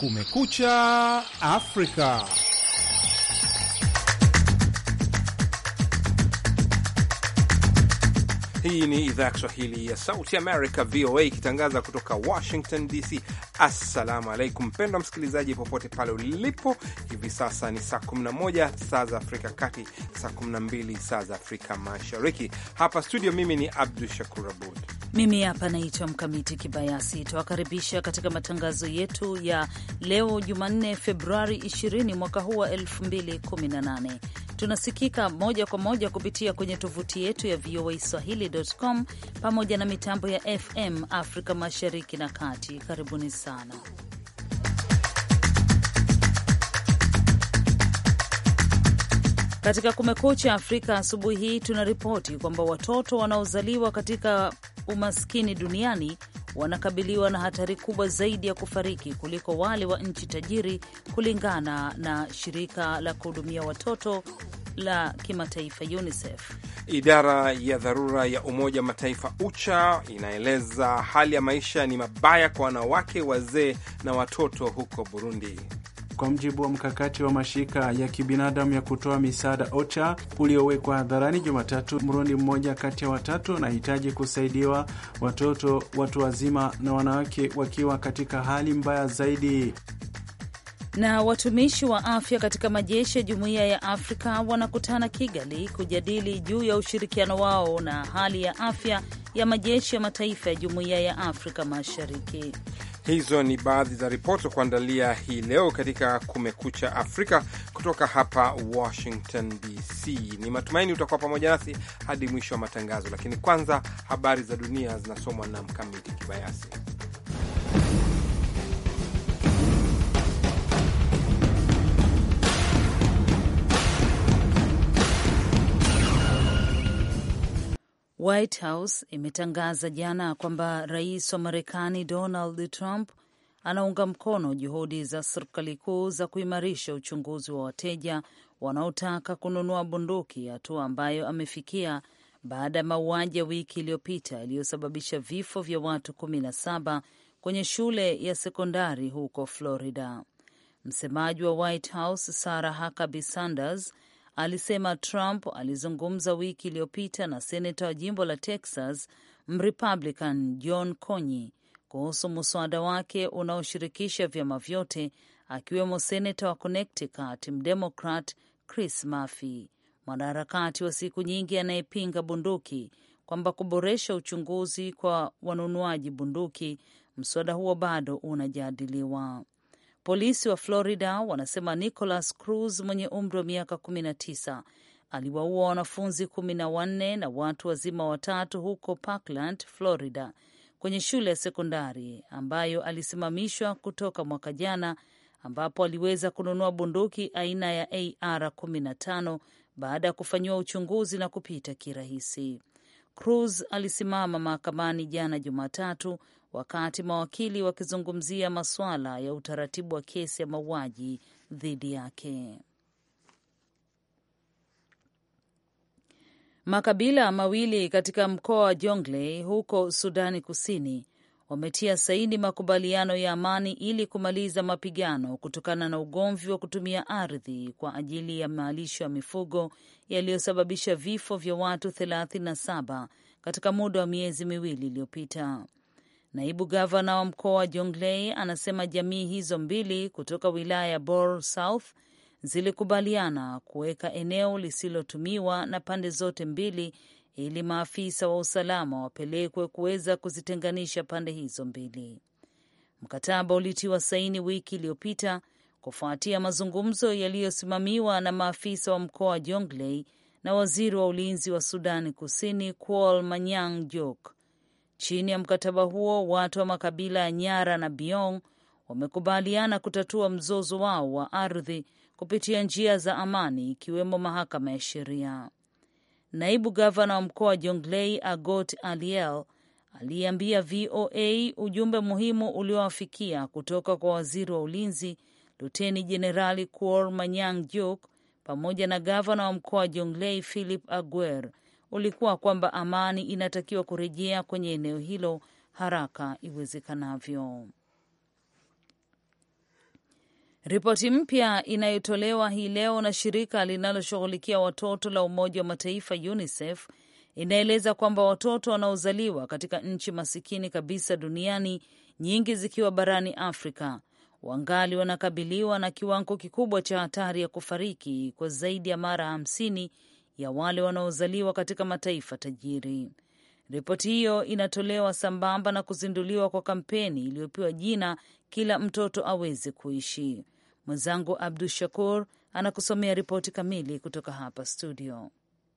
Kumekucha Afrika. Hii ni idhaa ya Kiswahili ya Sauti Amerika, VOA, ikitangaza kutoka Washington DC. Assalamu alaikum, mpendwa msikilizaji, popote pale ulipo. Hivi sasa ni saa 11 saa za Afrika Kati, saa 12 saa za Afrika Mashariki. Hapa studio, mimi ni Abdu Shakur Abud mimi hapa naitwa Mkamiti Kibayasi. tawakaribisha katika matangazo yetu ya leo Jumanne, Februari 20 mwaka huu wa 2018. Tunasikika moja kwa moja kupitia kwenye tovuti yetu ya VOA Swahili.com pamoja na mitambo ya FM Afrika mashariki na kati. Karibuni sana. Katika Kumekucha Afrika asubuhi hii tunaripoti kwamba watoto wanaozaliwa katika umaskini duniani wanakabiliwa na hatari kubwa zaidi ya kufariki kuliko wale wa nchi tajiri, kulingana na shirika la kuhudumia watoto la kimataifa UNICEF. Idara ya dharura ya Umoja Mataifa UCHA inaeleza hali ya maisha ni mabaya kwa wanawake, wazee na watoto huko Burundi kwa mjibu wa mkakati wa mashirika ya kibinadamu ya kutoa misaada OCHA uliowekwa hadharani Jumatatu. Mrundi mmoja kati ya watatu anahitaji kusaidiwa, watoto, watu wazima na wanawake wakiwa katika hali mbaya zaidi. Na watumishi wa afya katika majeshi ya Jumuiya ya Afrika wanakutana Kigali kujadili juu ya ushirikiano wao na hali ya afya ya majeshi ya mataifa ya Jumuiya ya Afrika Mashariki. Hizo ni baadhi za ripoti za kuandalia hii leo katika Kumekucha Afrika kutoka hapa Washington DC. Ni matumaini utakuwa pamoja nasi hadi mwisho wa matangazo, lakini kwanza habari za dunia zinasomwa na Mkamiti Kibayasi. White House imetangaza jana kwamba rais wa Marekani Donald Trump anaunga mkono juhudi za serikali kuu za kuimarisha uchunguzi wa wateja wanaotaka kununua bunduki, hatua ambayo amefikia baada ya mauaji ya wiki iliyopita yaliyosababisha vifo vya watu kumi na saba kwenye shule ya sekondari huko Florida. Msemaji wa White House Sarah Huckabee Sanders alisema Trump alizungumza wiki iliyopita na seneta wa jimbo la Texas Mrepublican John Conyi kuhusu muswada wake unaoshirikisha vyama vyote akiwemo seneta wa Connecticut Mdemokrat Chris Murphy, mwanaharakati wa siku nyingi anayepinga bunduki, kwamba kuboresha uchunguzi kwa wanunuaji bunduki. Mswada huo bado unajadiliwa. Polisi wa Florida wanasema Nicholas Cruz mwenye umri wa miaka 19 aliwaua wanafunzi kumi na wanne na watu wazima watatu huko Parkland, Florida, kwenye shule ya sekondari ambayo alisimamishwa kutoka mwaka jana, ambapo aliweza kununua bunduki aina ya AR 15 baada ya kufanyiwa uchunguzi na kupita kirahisi. Cruz alisimama mahakamani jana Jumatatu wakati mawakili wakizungumzia masuala ya utaratibu wa kesi ya mauaji dhidi yake. Makabila mawili katika mkoa wa Jonglei huko Sudani Kusini wametia saini makubaliano ya amani ili kumaliza mapigano kutokana na ugomvi wa kutumia ardhi kwa ajili ya malisho ya mifugo yaliyosababisha vifo vya watu 37 katika muda wa miezi miwili iliyopita. Naibu gavana wa mkoa wa Jonglei anasema jamii hizo mbili kutoka wilaya ya Bor South zilikubaliana kuweka eneo lisilotumiwa na pande zote mbili ili maafisa wa usalama wapelekwe kuweza kuzitenganisha pande hizo mbili. Mkataba ulitiwa saini wiki iliyopita kufuatia mazungumzo yaliyosimamiwa na maafisa wa mkoa wa Jonglei na waziri wa ulinzi wa Sudani Kusini, Kuol Manyang Jok, Chini ya mkataba huo, watu wa makabila ya Nyara na Biong wamekubaliana kutatua mzozo wao wa ardhi kupitia njia za amani, ikiwemo mahakama ya sheria. Naibu gavana wa mkoa wa Jonglei Agot Aliel aliambia VOA ujumbe muhimu uliowafikia kutoka kwa waziri wa ulinzi Luteni Jenerali kuor Manyang Juk pamoja na gavana wa mkoa wa Jonglei Philip Aguer ulikuwa kwamba amani inatakiwa kurejea kwenye eneo hilo haraka iwezekanavyo. Ripoti mpya inayotolewa hii leo na shirika linaloshughulikia watoto la Umoja wa Mataifa UNICEF inaeleza kwamba watoto wanaozaliwa katika nchi masikini kabisa duniani, nyingi zikiwa barani Afrika, wangali wanakabiliwa na kiwango kikubwa cha hatari ya kufariki kwa zaidi ya mara hamsini ya wale wanaozaliwa katika mataifa tajiri. Ripoti hiyo inatolewa sambamba na kuzinduliwa kwa kampeni iliyopewa jina kila mtoto aweze kuishi. Mwenzangu Abdu Shakur anakusomea ripoti kamili kutoka hapa studio.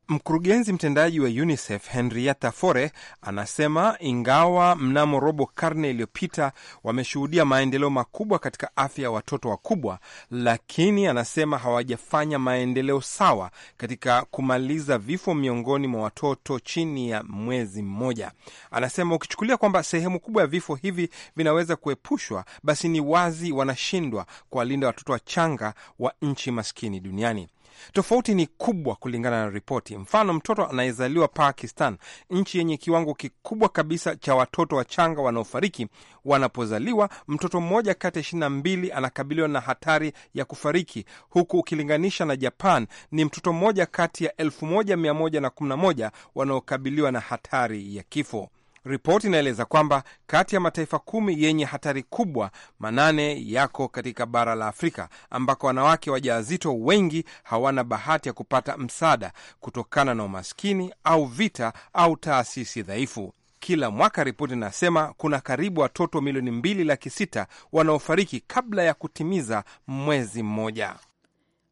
Mkurugenzi mtendaji wa UNICEF Henrietta Fore anasema ingawa mnamo robo karne iliyopita wameshuhudia maendeleo makubwa katika afya ya watoto wakubwa, lakini anasema hawajafanya maendeleo sawa katika kumaliza vifo miongoni mwa watoto chini ya mwezi mmoja. Anasema ukichukulia kwamba sehemu kubwa ya vifo hivi vinaweza kuepushwa, basi ni wazi wanashindwa kuwalinda watoto wachanga wa nchi maskini duniani. Tofauti ni kubwa kulingana na ripoti. Mfano, mtoto anayezaliwa Pakistan, nchi yenye kiwango kikubwa kabisa cha watoto wachanga wanaofariki wanapozaliwa, mtoto mmoja kati ya ishirini na mbili anakabiliwa na hatari ya kufariki, huku ukilinganisha na Japan ni mtoto mmoja kati ya elfu moja mia moja na kumi na moja wanaokabiliwa na hatari ya kifo. Ripoti inaeleza kwamba kati ya mataifa kumi yenye hatari kubwa, manane yako katika bara la Afrika ambako wanawake wajawazito wengi hawana bahati ya kupata msaada kutokana na umaskini au vita au taasisi dhaifu. Kila mwaka ripoti inasema kuna karibu watoto milioni mbili laki sita wanaofariki kabla ya kutimiza mwezi mmoja.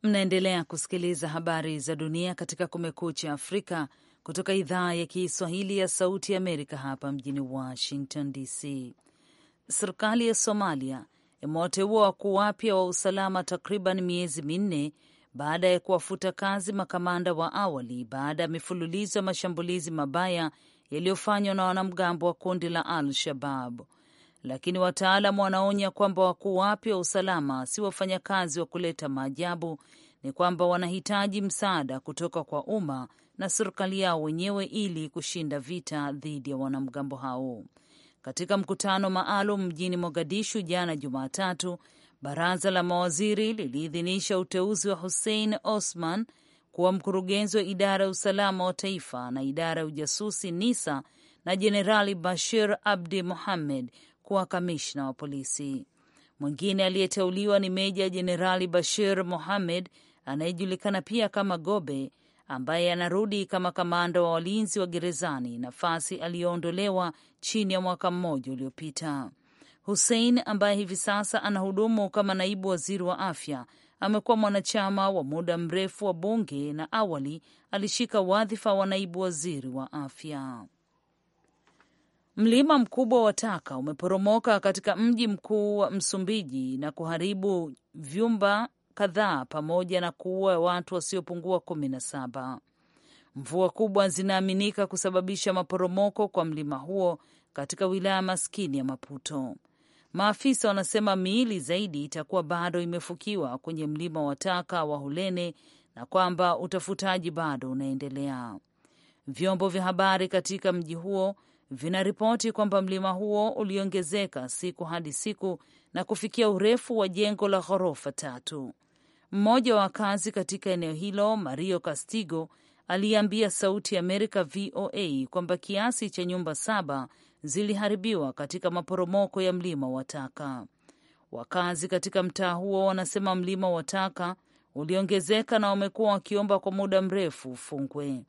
Mnaendelea kusikiliza habari za dunia katika Kumekucha Afrika kutoka idhaa ya Kiswahili ya Sauti ya Amerika hapa mjini Washington DC. Serikali ya Somalia imewateua wakuu wapya wa usalama takriban miezi minne baada ya kuwafuta kazi makamanda wa awali baada ya mifululizo ya mashambulizi mabaya yaliyofanywa na wanamgambo wa kundi la Al Shabab. Lakini wataalam wanaonya kwamba wakuu wapya wa usalama si wafanyakazi wa kuleta maajabu, ni kwamba wanahitaji msaada kutoka kwa umma na serikali yao wenyewe ili kushinda vita dhidi ya wanamgambo hao. Katika mkutano maalum mjini Mogadishu jana Jumatatu, baraza la mawaziri liliidhinisha uteuzi wa Hussein Osman kuwa mkurugenzi wa idara ya usalama wa taifa na idara ya ujasusi NISA na Jenerali Bashir Abdi muhammed kuwa kamishna wa polisi. Mwingine aliyeteuliwa ni Meja Jenerali Bashir muhammed anayejulikana pia kama Gobe, ambaye anarudi kama kamanda wa walinzi wa gerezani, nafasi aliyoondolewa chini ya mwaka mmoja uliopita. Hussein ambaye hivi sasa anahudumu kama naibu waziri wa afya amekuwa mwanachama wa muda mrefu wa bunge na awali alishika wadhifa wa naibu waziri wa afya. Mlima mkubwa wa taka umeporomoka katika mji mkuu wa Msumbiji na kuharibu vyumba kadhaa pamoja na kuua watu wasiopungua kumi na saba. Mvua kubwa zinaaminika kusababisha maporomoko kwa mlima huo katika wilaya maskini ya Maputo. Maafisa wanasema miili zaidi itakuwa bado imefukiwa kwenye mlima wa taka wa Hulene na kwamba utafutaji bado unaendelea. Vyombo vya habari katika mji huo vinaripoti kwamba mlima huo uliongezeka siku hadi siku na kufikia urefu wa jengo la ghorofa tatu. Mmoja wa wakazi katika eneo hilo, Mario Castigo, aliambia Sauti ya Amerika VOA kwamba kiasi cha nyumba saba ziliharibiwa katika maporomoko ya mlima wa taka. Wakazi katika mtaa huo wanasema mlima wa taka uliongezeka na wamekuwa wakiomba kwa muda mrefu ufungwe.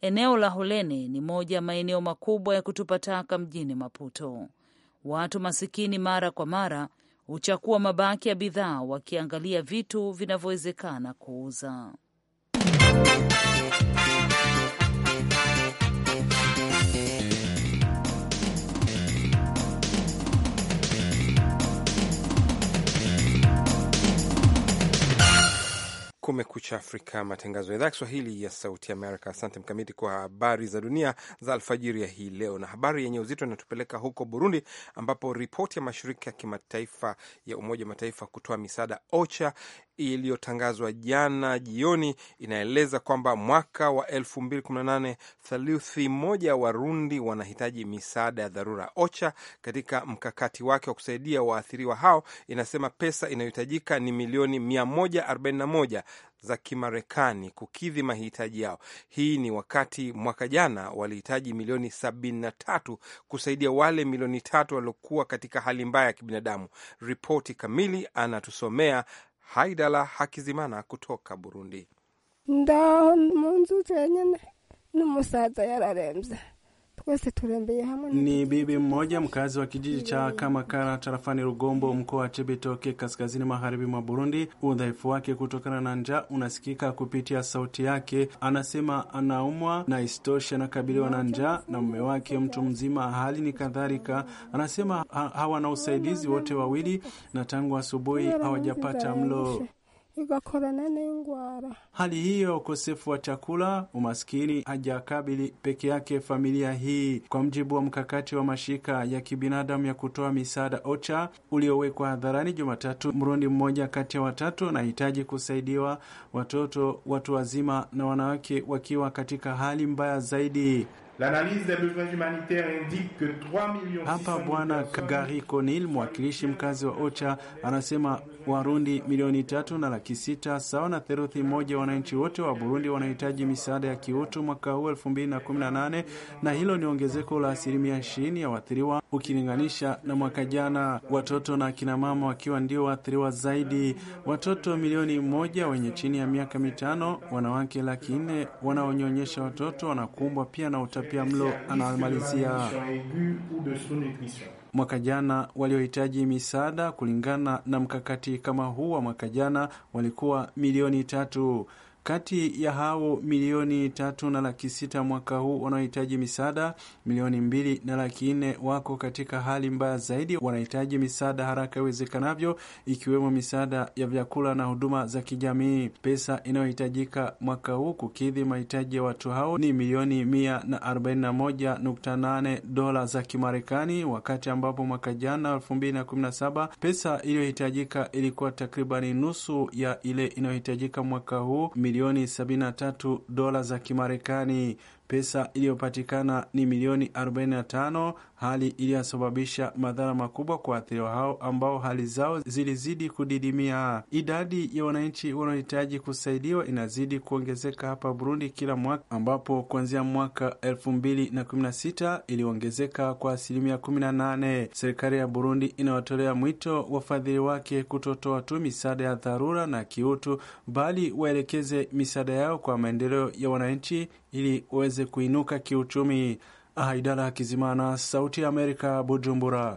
Eneo la Holene ni moja ya maeneo makubwa ya kutupa taka mjini Maputo. Watu masikini mara kwa mara huchakua mabaki ya bidhaa wakiangalia vitu vinavyowezekana kuuza. Kumekucha Afrika, matangazo ya idhaa ya Kiswahili ya Sauti Amerika. Asante Mkamiti kwa habari za dunia za alfajiri ya hii leo, na habari yenye uzito inatupeleka huko Burundi, ambapo ripoti ya mashirika ya kimataifa ya Umoja wa Mataifa kutoa misaada OCHA iliyotangazwa jana jioni inaeleza kwamba mwaka wa 2018 theluthi moja Warundi wanahitaji misaada ya dharura. OCHA katika mkakati wake wa kusaidia waathiriwa hao inasema pesa inayohitajika ni milioni 141 za Kimarekani kukidhi mahitaji yao. Hii ni wakati mwaka jana walihitaji milioni 73 kusaidia wale milioni tatu waliokuwa katika hali mbaya ya kibinadamu. Ripoti kamili anatusomea Haidala Hakizimana kutoka Burundi. ndaho munzu zenyene n'umusaza yararemze ni bibi mmoja mkazi wa kijiji cha Kamakara tarafani Rugombo mkoa wa Chibitoke kaskazini magharibi mwa Burundi. Udhaifu wake kutokana na njaa unasikika kupitia sauti yake. Anasema anaumwa na istoshe, anakabiliwa na njaa na mume wake mtu mzima, hali ni kadhalika. Anasema hawana usaidizi wote wawili, na tangu asubuhi hawajapata mlo igakorana n'ingwara. Hali hiyo ya ukosefu wa chakula, umaskini hajakabili peke yake familia hii. Kwa mjibu wa mkakati wa mashirika ya kibinadamu ya kutoa misaada OCHA uliowekwa hadharani Jumatatu, Mrundi mmoja kati ya watatu anahitaji kusaidiwa, watoto, watu wazima na wanawake wakiwa katika hali mbaya zaidi. Hapa Bwana Kagari Konil, mwakilishi mkazi wa OCHA, anasema Warundi milioni tatu na laki sita sawa na theluthi moja wananchi wote wa Burundi wanahitaji misaada ya kiutu mwaka huu 2018 na hilo ni ongezeko la asilimia 20 ya waathiriwa ukilinganisha na mwaka jana, watoto na akinamama wakiwa ndio waathiriwa zaidi. Watoto milioni moja wenye chini ya miaka mitano, wanawake laki nne wanaonyonyesha watoto wanakumbwa pia na utapia utapiamlo anamalizia mwaka jana waliohitaji misaada kulingana na mkakati kama huu wa mwaka jana walikuwa milioni tatu. Kati ya hao milioni tatu na laki sita mwaka huu wanaohitaji misaada, milioni mbili na laki nne wako katika hali mbaya zaidi, wanahitaji misaada haraka iwezekanavyo, ikiwemo misaada ya vyakula na huduma za kijamii. Pesa inayohitajika mwaka huu kukidhi mahitaji ya watu hao ni milioni mia na arobaini na moja nukta nane dola za Kimarekani, wakati ambapo mwaka jana elfu mbili na kumi na saba pesa iliyohitajika ilikuwa takribani nusu ya ile inayohitajika mwaka huu milioni 73 dola za Kimarekani Pesa iliyopatikana ni milioni 45, hali iliyosababisha madhara makubwa kwa waathiriwa hao ambao hali zao zilizidi kudidimia. Idadi ya wananchi wanaohitaji kusaidiwa inazidi kuongezeka hapa Burundi kila mwaka, ambapo kuanzia mwaka 2016 iliongezeka kwa asilimia 18. Serikali ya Burundi inawatolea mwito wafadhili wake kutotoa tu misaada ya dharura na kiutu, bali waelekeze misaada yao kwa maendeleo ya wananchi ili uweze kuinuka kiuchumi. Haidara ah, Kizimana, Sauti ya Amerika, Bujumbura.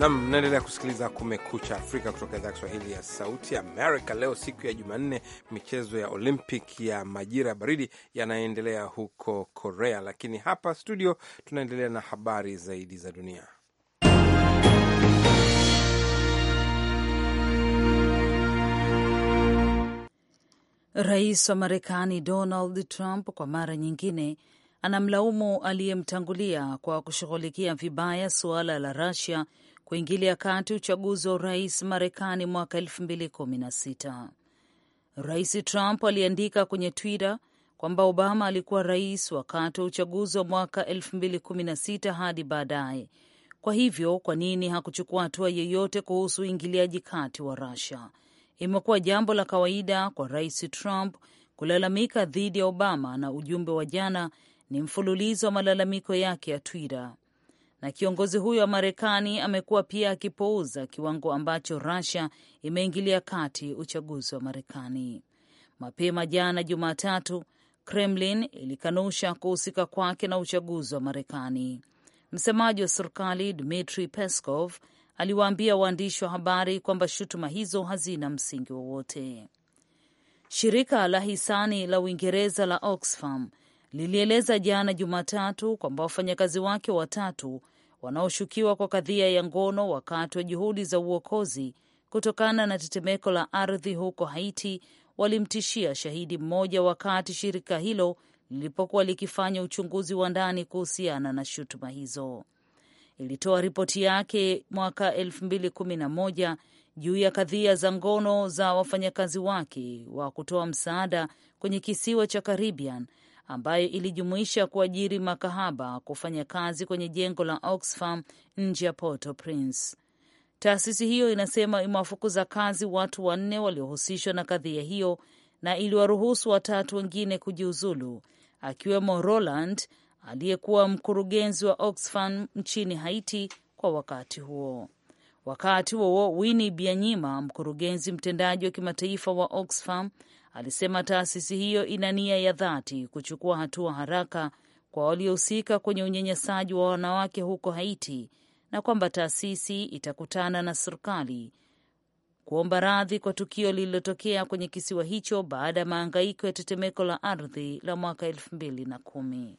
Nam, naendelea kusikiliza Kumekucha Afrika kutoka idhaa ya Kiswahili ya Sauti Amerika. Leo siku ya Jumanne, michezo ya Olympic ya majira ya baridi yanaendelea huko Korea, lakini hapa studio tunaendelea na habari zaidi za dunia. Rais wa Marekani Donald Trump kwa mara nyingine anamlaumu aliyemtangulia kwa kushughulikia vibaya suala la Russia kuingilia kati uchaguzi wa urais Marekani mwaka 2016. Rais Trump aliandika kwenye Twitter kwamba Obama alikuwa rais wakati wa uchaguzi wa mwaka 2016 hadi baadaye. Kwa hivyo kwa nini hakuchukua hatua yeyote kuhusu uingiliaji kati wa rusia Imekuwa jambo la kawaida kwa rais Trump kulalamika dhidi ya Obama, na ujumbe wa jana ni mfululizo wa malalamiko yake ya Twitter na kiongozi huyo wa Marekani amekuwa pia akipuuza kiwango ambacho Russia imeingilia kati uchaguzi wa Marekani. Mapema jana Jumatatu, Kremlin ilikanusha kuhusika kwake na uchaguzi wa Marekani. Msemaji wa serikali Dmitri Peskov aliwaambia waandishi wa habari kwamba shutuma hizo hazina msingi wowote. Shirika la hisani la Uingereza la Oxfam lilieleza jana Jumatatu kwamba wafanyakazi wake watatu wanaoshukiwa kwa kadhia ya ngono wakati wa juhudi za uokozi kutokana na tetemeko la ardhi huko Haiti walimtishia shahidi mmoja wakati shirika hilo lilipokuwa likifanya uchunguzi wa ndani kuhusiana na shutuma hizo. Ilitoa ripoti yake mwaka 2011 juu ya kadhia za ngono za wafanyakazi wake wa kutoa msaada kwenye kisiwa cha Caribbean ambayo ilijumuisha kuajiri makahaba kufanya kazi kwenye jengo la Oxfam nje ya Port-au-Prince. Taasisi hiyo inasema imewafukuza kazi watu wanne waliohusishwa na kadhia hiyo na iliwaruhusu watatu wengine kujiuzulu, akiwemo Roland aliyekuwa mkurugenzi wa Oxfam nchini Haiti kwa wakati huo. Wakati huo Winnie Byanyima, mkurugenzi mtendaji wa kimataifa wa Oxfam, alisema taasisi hiyo ina nia ya dhati kuchukua hatua haraka kwa waliohusika kwenye unyanyasaji wa wanawake huko Haiti na kwamba taasisi itakutana na serikali kuomba radhi kwa tukio lililotokea kwenye kisiwa hicho baada ya maangaiko ya tetemeko la ardhi la mwaka elfu mbili na kumi.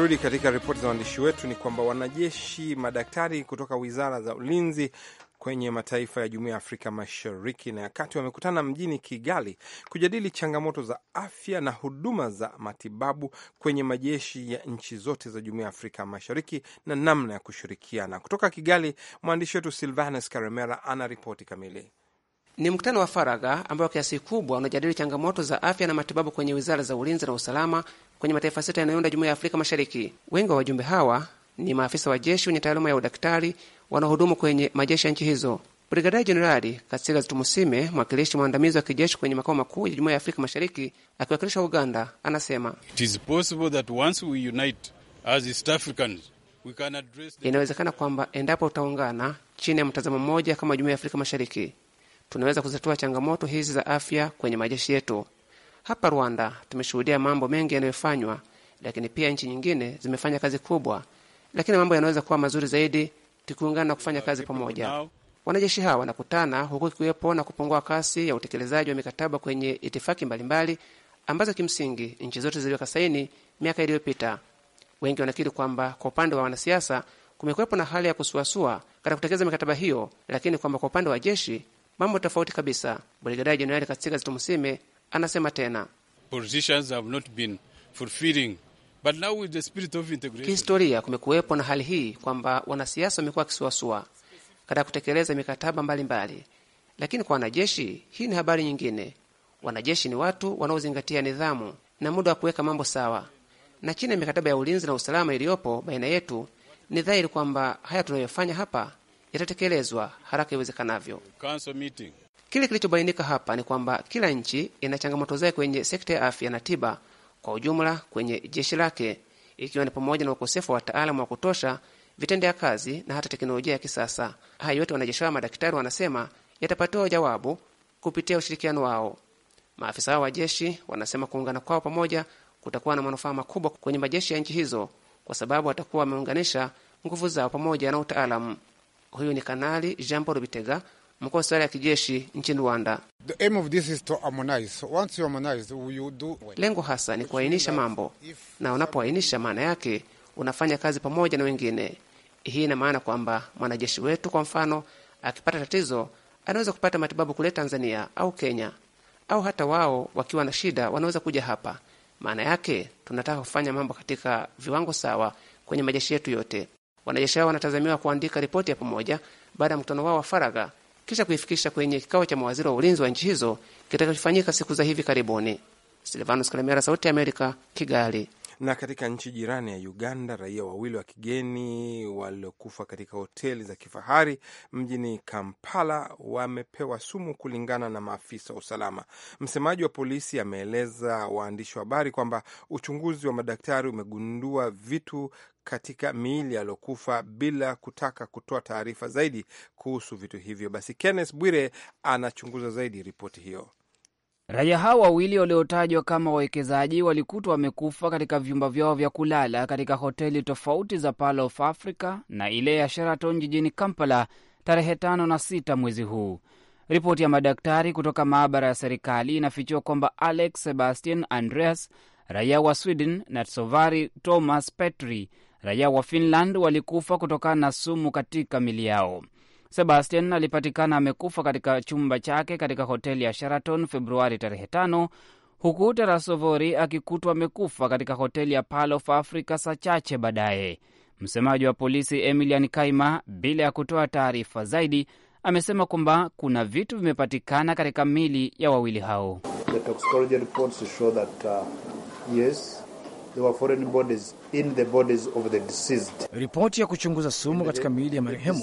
Tukirudi katika ripoti za waandishi wetu ni kwamba wanajeshi madaktari kutoka wizara za ulinzi kwenye mataifa ya Jumuiya ya Afrika Mashariki na ya Kati wamekutana mjini Kigali kujadili changamoto za afya na huduma za matibabu kwenye majeshi ya nchi zote za Jumuiya ya Afrika Mashariki na namna ya kushirikiana. Kutoka Kigali, mwandishi wetu Silvanus Karemera ana ripoti kamili. Ni mkutano wa faragha ambao kiasi kubwa unajadili changamoto za afya na matibabu kwenye wizara za ulinzi na usalama kwenye mataifa sita yanayounda jumuiya ya Afrika Mashariki. Wengi wa wajumbe hawa ni maafisa wa jeshi wenye taaluma ya udaktari wanaohudumu kwenye majeshi ya nchi hizo. Brigadia Jenerali Katsiga Tumusime, mwakilishi mwandamizi wa kijeshi kwenye makao makuu ya jumuiya ya Afrika Mashariki, akiwakilisha Uganda, anasema inawezekana kwamba endapo tutaungana chini ya mtazamo mmoja kama jumuiya ya Afrika Mashariki, tunaweza kuzitatua changamoto hizi za afya kwenye majeshi yetu. Hapa Rwanda tumeshuhudia mambo mengi yanayofanywa, lakini pia nchi nyingine zimefanya kazi kubwa, lakini mambo yanaweza kuwa mazuri zaidi tukiungana na kufanya kazi pamoja. Wanajeshi hawa wanakutana huku ikiwepo na kupungua kasi ya utekelezaji wa mikataba kwenye itifaki mbalimbali ambazo kimsingi nchi zote ziliweka saini miaka iliyopita. Wengi wanakiri kwamba kwa upande wa wanasiasa kumekuwepo na hali ya kusuasua katika kutekeleza mikataba hiyo, lakini kwamba kwa upande wa jeshi mambo tofauti kabisa. Brigadia Jenerali Katsika Zitumusime Anasema tena kihistoria kumekuwepo na hali hii kwamba wanasiasa wamekuwa wakisuasua katika kutekeleza mikataba mbalimbali mbali. Lakini kwa wanajeshi hii ni habari nyingine. Wanajeshi ni watu wanaozingatia nidhamu na muda wa kuweka mambo sawa, na chini ya mikataba ya ulinzi na usalama iliyopo baina yetu, ni dhahiri kwamba haya tunayofanya hapa yatatekelezwa haraka iwezekanavyo. Kile kilichobainika hapa ni kwamba kila nchi ina changamoto zake kwenye sekta ya afya na tiba kwa ujumla kwenye jeshi lake, ikiwa ni pamoja na ukosefu wa wataalamu wa kutosha, vitendea kazi na hata teknolojia ya kisasa. haya yote wanajeshi hao madaktari wanasema yatapatiwa jawabu kupitia ushirikiano wao. Maafisa hao wa jeshi wanasema kuungana kwao pamoja kutakuwa na manufaa makubwa kwenye majeshi ya nchi hizo, kwa sababu watakuwa wameunganisha nguvu zao pamoja na utaalamu. Huyu ni Kanali Jean Paul Bitega mkuu wa ya kijeshi nchini Rwanda. Lengo hasa ni kuainisha mambo, na unapoainisha maana yake unafanya kazi pamoja na wengine. Hii ina maana kwamba mwanajeshi wetu kwa mfano akipata tatizo anaweza kupata matibabu kule Tanzania au Kenya, au hata wao wakiwa na shida wanaweza kuja hapa. Maana yake tunataka kufanya mambo katika viwango sawa kwenye majeshi yetu yote. Wanajeshi hao wanatazamiwa kuandika ripoti ya pamoja baada ya mkutano wao wa faragha kisha kuifikisha kwenye kikao cha mawaziri wa ulinzi wa nchi hizo kitakachofanyika siku za hivi karibuni. Silvanus Kalemera, Sauti ya Amerika, Kigali. Na katika nchi jirani ya Uganda, raia wawili wa kigeni waliokufa katika hoteli za kifahari mjini Kampala wamepewa sumu, kulingana na maafisa wa usalama. Msemaji wa polisi ameeleza waandishi wa habari kwamba uchunguzi wa madaktari umegundua vitu katika miili aliyokufa bila kutaka kutoa taarifa zaidi kuhusu vitu hivyo. Basi Kenneth Bwire anachunguza zaidi ripoti hiyo. Raia hao wawili waliotajwa kama wawekezaji walikutwa wamekufa katika vyumba vyao vya kulala katika hoteli tofauti za Pearl of Africa na ile ya Sheraton jijini Kampala tarehe tano na sita mwezi huu. Ripoti ya madaktari kutoka maabara ya serikali inafichua kwamba Alex Sebastian Andreas, raia wa Sweden, na Sovari Thomas Petri, raia wa Finland, walikufa kutokana na sumu katika mili yao. Sebastian alipatikana amekufa katika chumba chake katika hoteli ya Sheraton Februari tarehe tano, huku tarasovori akikutwa amekufa katika hoteli ya Pal of Africa saa chache baadaye. Msemaji wa polisi Emilian Kaima, bila ya kutoa taarifa zaidi, amesema kwamba kuna vitu vimepatikana katika mili ya wawili hao. The Ripoti ya kuchunguza sumu katika miili ya marehemu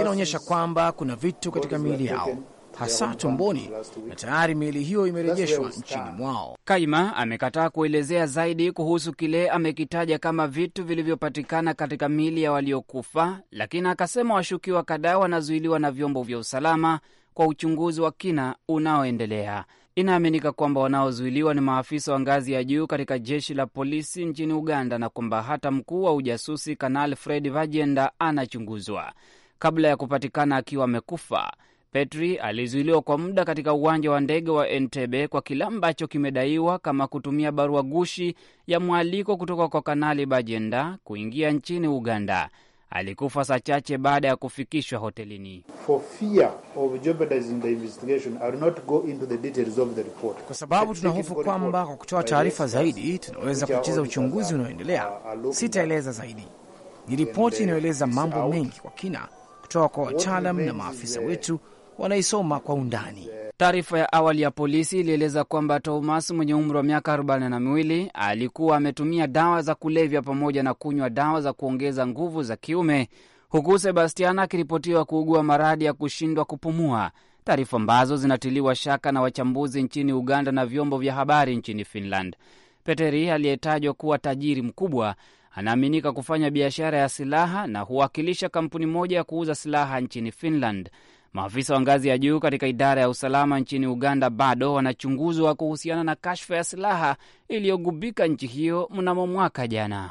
inaonyesha kwamba kuna vitu katika miili yao hasa tumboni na tayari miili hiyo imerejeshwa nchini mwao. Kaima amekataa kuelezea zaidi kuhusu kile amekitaja kama vitu vilivyopatikana katika miili ya waliokufa, lakini akasema washukiwa kadhaa wanazuiliwa na vyombo vya usalama kwa uchunguzi wa kina unaoendelea. Inaaminika kwamba wanaozuiliwa ni maafisa wa ngazi ya juu katika jeshi la polisi nchini Uganda na kwamba hata mkuu wa ujasusi Kanali Fred Vajenda anachunguzwa. Kabla ya kupatikana akiwa amekufa, Petri alizuiliwa kwa muda katika uwanja wa ndege wa Entebbe kwa kile ambacho kimedaiwa kama kutumia barua gushi ya mwaliko kutoka kwa Kanali Bajenda kuingia nchini Uganda alikufa saa chache baada ya kufikishwa hotelini. Kwa sababu tunahofu kwamba kwa kutoa taarifa zaidi tunaweza kucheza uchunguzi unaoendelea, sitaeleza zaidi. Ni ripoti inayoeleza mambo mengi kwa kina kutoka kwa wataalam na maafisa wetu wanaisoma kwa undani. Taarifa ya awali ya polisi ilieleza kwamba Thomas mwenye umri wa miaka 4 na alikuwa ametumia dawa za kulevya pamoja na kunywa dawa za kuongeza nguvu za kiume, huku Sebastiana akiripotiwa kuugua maradhi ya kushindwa kupumua, taarifa ambazo zinatiliwa shaka na wachambuzi nchini Uganda na vyombo vya habari nchini Finland. Peteri aliyetajwa kuwa tajiri mkubwa anaaminika kufanya biashara ya silaha na huwakilisha kampuni moja ya kuuza silaha nchini Finland. Maafisa wa ngazi ya juu katika idara ya usalama nchini Uganda bado wanachunguzwa kuhusiana na kashfa ya silaha iliyogubika nchi hiyo mnamo mwaka jana.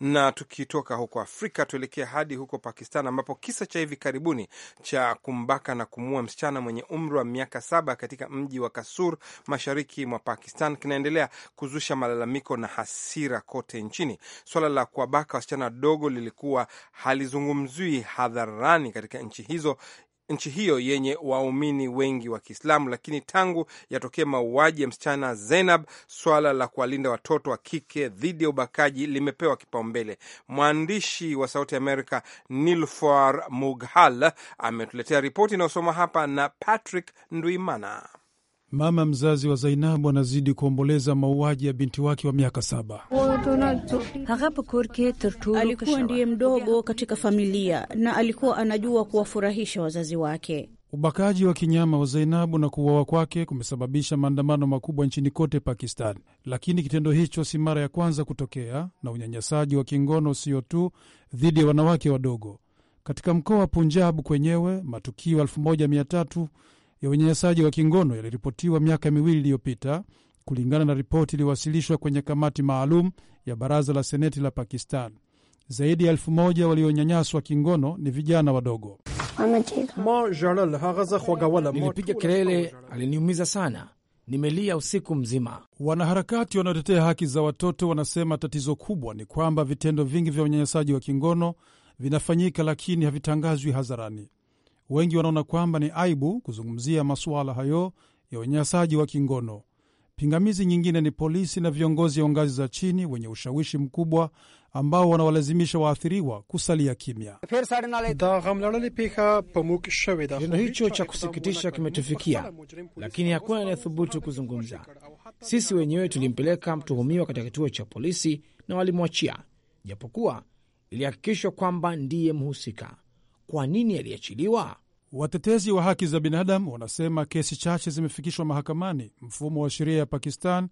Na tukitoka huko Afrika tuelekea hadi huko Pakistan, ambapo kisa cha hivi karibuni cha kumbaka na kumuua msichana mwenye umri wa miaka saba katika mji wa Kasur mashariki mwa Pakistan kinaendelea kuzusha malalamiko na hasira kote nchini. Swala la kuwabaka wasichana wadogo lilikuwa halizungumzwi hadharani katika nchi hizo nchi hiyo yenye waumini wengi wa Kiislamu, lakini tangu yatokee mauaji ya msichana Zainab, swala la kuwalinda watoto wa kike dhidi ya ubakaji limepewa kipaumbele. Mwandishi wa Sauti ya Amerika Nilfar Mughal ametuletea ripoti inayosoma hapa na Patrick Ndwimana. Mama mzazi wa Zainabu anazidi kuomboleza mauaji ya binti wake wa miaka saba. Alikuwa ndiye mdogo katika familia na alikuwa anajua kuwafurahisha wazazi wake. Ubakaji wa kinyama wa Zainabu na kuuawa kwake kumesababisha maandamano makubwa nchini kote Pakistan, lakini kitendo hicho si mara ya kwanza kutokea, na unyanyasaji wa kingono sio tu dhidi ya wanawake wadogo. Katika mkoa wa Punjab kwenyewe matukio 1300 ya unyanyasaji wa kingono yaliripotiwa miaka miwili iliyopita, kulingana na ripoti iliyowasilishwa kwenye kamati maalum ya baraza la seneti la Pakistan. Zaidi ya elfu moja walionyanyaswa kingono ni vijana wadogo. Nilipiga kelele, aliniumiza sana, nimelia usiku mzima. Wanaharakati wanaotetea haki za watoto wanasema tatizo kubwa ni kwamba vitendo vingi vya unyanyasaji wa kingono vinafanyika, lakini havitangazwi hadharani. Wengi wanaona kwamba ni aibu kuzungumzia masuala hayo ya unyanyasaji wa kingono. Pingamizi nyingine ni polisi na viongozi wa ngazi za chini wenye ushawishi mkubwa ambao wanawalazimisha waathiriwa kusalia kimya. Kitendo hicho cha kusikitisha kimetufikia, lakini hakuna anayethubutu kuzungumza. Sisi wenyewe tulimpeleka mtuhumiwa katika kituo cha polisi na walimwachia, japokuwa ilihakikishwa kwamba ndiye mhusika kwa nini aliachiliwa? Watetezi wa haki za binadamu wanasema kesi chache zimefikishwa mahakamani. Mfumo wa sheria ya Pakistan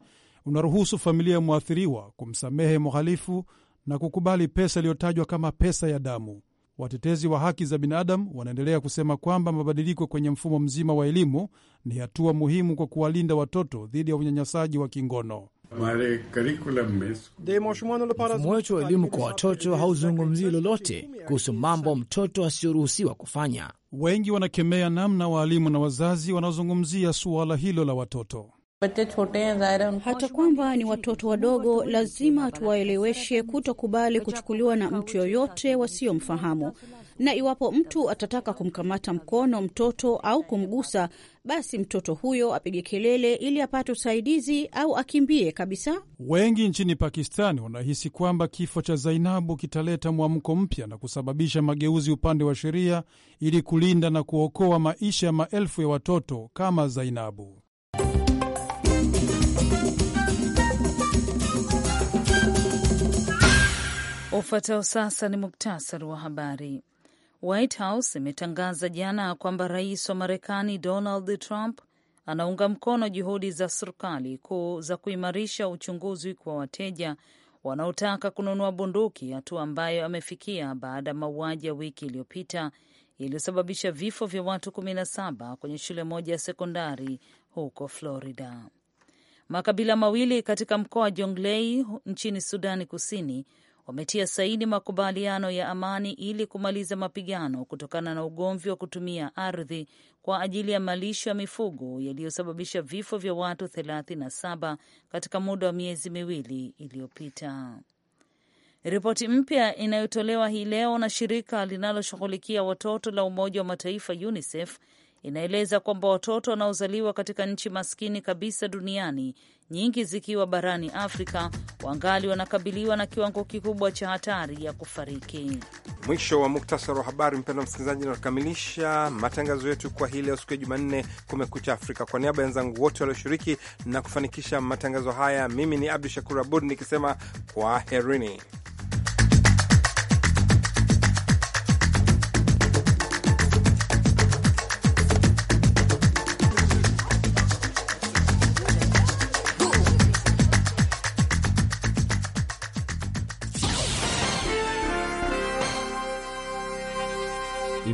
unaruhusu familia ya mwathiriwa kumsamehe mhalifu na kukubali pesa iliyotajwa kama pesa ya damu. Watetezi wa haki za binadamu wanaendelea kusema kwamba mabadiliko kwenye mfumo mzima wa elimu ni hatua muhimu kwa kuwalinda watoto dhidi ya unyanyasaji wa kingono. Mfumo wetu wa elimu kwa watoto hauzungumzii lolote kuhusu mambo mtoto asiyoruhusiwa kufanya. Wengi wanakemea namna waalimu na wazazi wanaozungumzia suala hilo la watoto hata kwamba ni watoto wadogo, lazima tuwaeleweshe kutokubali kuchukuliwa na mtu yoyote wasiyomfahamu na iwapo mtu atataka kumkamata mkono mtoto au kumgusa, basi mtoto huyo apige kelele ili apate usaidizi au akimbie kabisa. Wengi nchini Pakistani wanahisi kwamba kifo cha Zainabu kitaleta mwamko mpya na kusababisha mageuzi upande wa sheria ili kulinda na kuokoa maisha ya maelfu ya watoto kama Zainabu. Ufuatao sasa ni muktasari wa habari. White House imetangaza jana kwamba rais wa Marekani Donald Trump anaunga mkono juhudi za serikali kuu za kuimarisha uchunguzi kwa wateja wanaotaka kununua bunduki, hatua ambayo amefikia baada ya mauaji ya wiki iliyopita iliyosababisha vifo vya watu 17 kwenye shule moja ya sekondari huko Florida. Makabila mawili katika mkoa wa Jonglei nchini Sudani Kusini wametia saini makubaliano ya amani ili kumaliza mapigano kutokana na ugomvi wa kutumia ardhi kwa ajili ya malisho ya mifugo yaliyosababisha vifo vya watu 37 katika muda wa miezi miwili iliyopita. Ripoti mpya inayotolewa hii leo na shirika linaloshughulikia watoto la Umoja wa Mataifa UNICEF inaeleza kwamba watoto wanaozaliwa katika nchi maskini kabisa duniani, nyingi zikiwa barani Afrika, wangali wanakabiliwa na kiwango kikubwa cha hatari ya kufariki. Mwisho wa muktasari wa habari. Mpendo msikilizaji, nakamilisha matangazo yetu kwa hii leo, siku ya Jumanne, Kumekucha Afrika. Kwa niaba ya wenzangu wote walioshiriki na kufanikisha matangazo haya, mimi ni Abdu Shakur Abud nikisema kwaherini.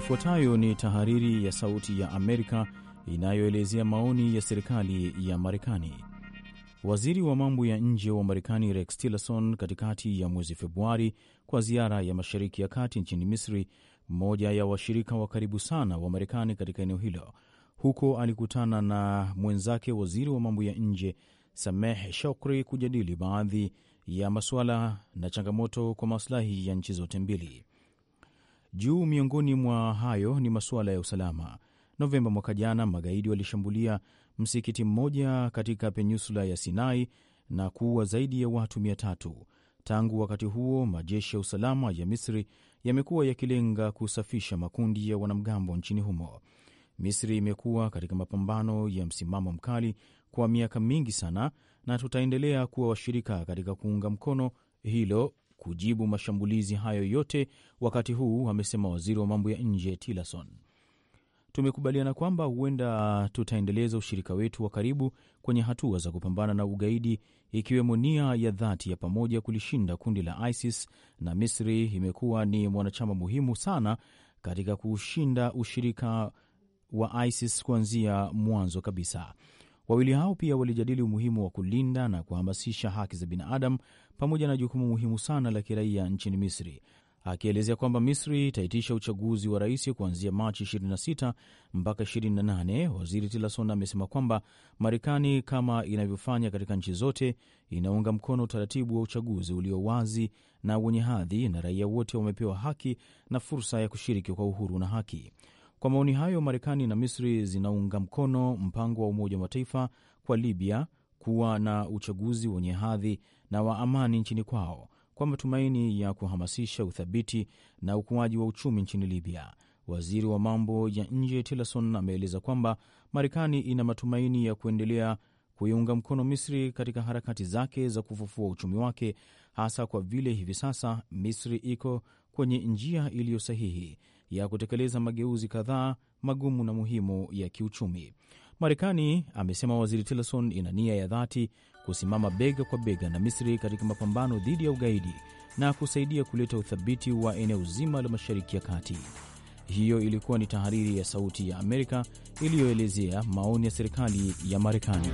Ifuatayo ni tahariri ya Sauti ya Amerika inayoelezea maoni ya serikali ya Marekani. Waziri wa mambo ya nje wa Marekani Rex Tillerson katikati ya mwezi Februari kwa ziara ya Mashariki ya Kati nchini Misri, mmoja ya washirika wa karibu sana wa Marekani katika eneo hilo. Huko alikutana na mwenzake waziri wa mambo ya nje Sameh Shokri kujadili baadhi ya masuala na changamoto kwa maslahi ya nchi zote mbili juu. Miongoni mwa hayo ni masuala ya usalama. Novemba mwaka jana, magaidi walishambulia msikiti mmoja katika peninsula ya Sinai na kuua zaidi ya watu mia tatu. Tangu wakati huo, majeshi ya usalama ya Misri yamekuwa yakilenga kusafisha makundi ya wanamgambo nchini humo. Misri imekuwa katika mapambano ya msimamo mkali kwa miaka mingi sana, na tutaendelea kuwa washirika katika kuunga mkono hilo kujibu mashambulizi hayo yote wakati huu, amesema waziri wa mambo ya nje Tillerson. Tumekubaliana kwamba huenda tutaendeleza ushirika wetu wa karibu kwenye hatua za kupambana na ugaidi, ikiwemo nia ya dhati ya pamoja kulishinda kundi la ISIS, na Misri imekuwa ni mwanachama muhimu sana katika kushinda ushirika wa ISIS kuanzia mwanzo kabisa. Wawili hao pia walijadili umuhimu wa kulinda na kuhamasisha haki za binadamu pamoja na jukumu muhimu sana la kiraia nchini Misri, akielezea kwamba Misri itaitisha uchaguzi wa rais kuanzia Machi 26 mpaka 28. Waziri Tillerson amesema kwamba Marekani, kama inavyofanya katika nchi zote, inaunga mkono utaratibu wa uchaguzi ulio wazi na wenye hadhi, na raia wote wamepewa haki na fursa ya kushiriki kwa uhuru na haki. Kwa maoni hayo, Marekani na Misri zinaunga mkono mpango wa Umoja wa Mataifa kwa Libya kuwa na uchaguzi wenye hadhi na wa amani nchini kwao kwa matumaini ya kuhamasisha uthabiti na ukuaji wa uchumi nchini Libya. Waziri wa mambo ya nje Tillerson ameeleza kwamba Marekani ina matumaini ya kuendelea kuiunga mkono Misri katika harakati zake za kufufua uchumi wake, hasa kwa vile hivi sasa Misri iko kwenye njia iliyo sahihi ya kutekeleza mageuzi kadhaa magumu na muhimu ya kiuchumi. Marekani, amesema Waziri Tillerson, ina nia ya dhati kusimama bega kwa bega na Misri katika mapambano dhidi ya ugaidi na kusaidia kuleta uthabiti wa eneo zima la Mashariki ya Kati. Hiyo ilikuwa ni tahariri ya Sauti ya Amerika iliyoelezea maoni ya serikali ya Marekani.